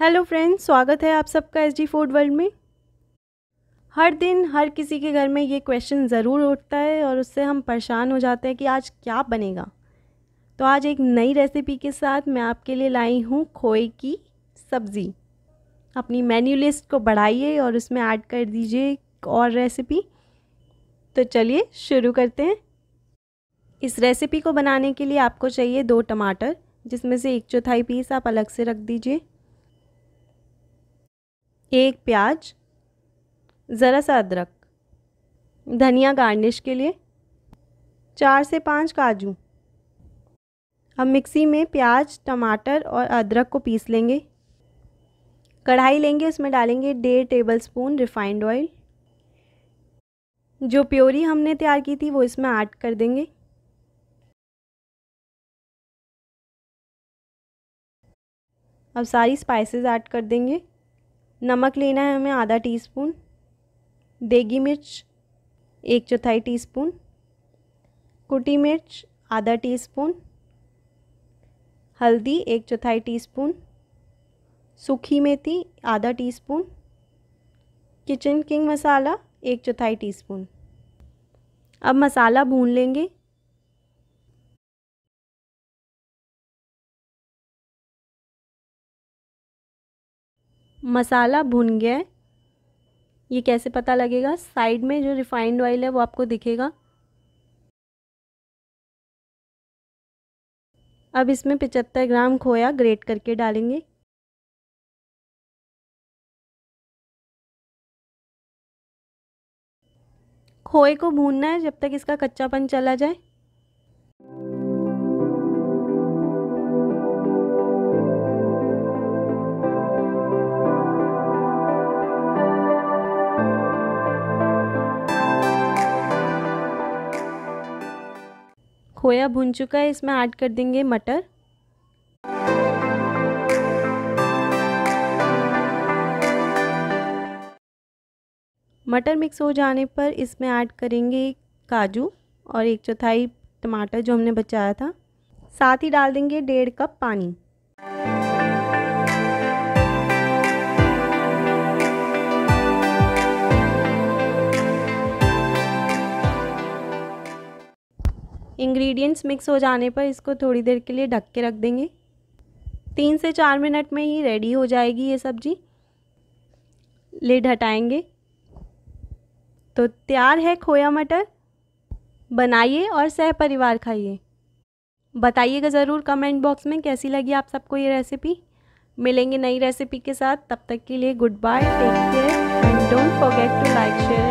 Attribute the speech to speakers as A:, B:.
A: hello friends स्वागत है आप सबका एस डी फूड वर्ल्ड में हर दिन हर किसी के घर में ये क्वेश्चन ज़रूर उठता है और उससे हम परेशान हो जाते हैं कि आज क्या बनेगा तो आज एक नई रेसिपी के साथ मैं आपके लिए लाई हूँ खोए की सब्ज़ी अपनी मेन्यू लिस्ट को बढ़ाइए और उसमें ऐड कर दीजिए और रेसिपी तो चलिए शुरू करते हैं इस रेसिपी को बनाने के लिए आपको चाहिए दो टमाटर जिसमें से एक चौथाई पीस आप अलग से रख दीजिए एक प्याज ज़रा सा अदरक धनिया गार्निश के लिए चार से पाँच काजू हम मिक्सी में प्याज टमाटर और अदरक को पीस लेंगे कढ़ाई लेंगे उसमें डालेंगे डेढ़ टेबल स्पून रिफाइंड ऑयल जो प्योरी हमने तैयार की थी वो इसमें ऐड कर देंगे अब सारी स्पाइसेस ऐड कर देंगे नमक लेना है हमें आधा टीस्पून देगी मिर्च एक चौथाई टीस्पून कुटी मिर्च आधा टीस्पून हल्दी एक चौथाई टीस्पून सूखी मेथी आधा टीस्पून किचन किंग मसाला एक चौथाई टीस्पून अब मसाला भून लेंगे मसाला भुन गया है ये कैसे पता लगेगा साइड में जो रिफाइंड ऑयल है वो आपको दिखेगा अब इसमें पचहत्तर ग्राम खोया ग्रेट करके डालेंगे खोए को भूनना है जब तक इसका कच्चापन चला जाए खोया भुन चुका है इसमें ऐड कर देंगे मटर मटर मिक्स हो जाने पर इसमें ऐड करेंगे काजू और एक चौथाई टमाटर जो हमने बचाया था साथ ही डाल देंगे डेढ़ कप पानी इंग्रेडिएंट्स मिक्स हो जाने पर इसको थोड़ी देर के लिए ढक के रख देंगे तीन से चार मिनट में ही रेडी हो जाएगी ये सब्ज़ी लिड हटाएंगे तो तैयार है खोया मटर बनाइए और सह परिवार खाइए बताइएगा ज़रूर कमेंट बॉक्स में कैसी लगी आप सबको ये रेसिपी मिलेंगे नई रेसिपी के साथ तब तक के लिए goodbye take care and don't forget to like share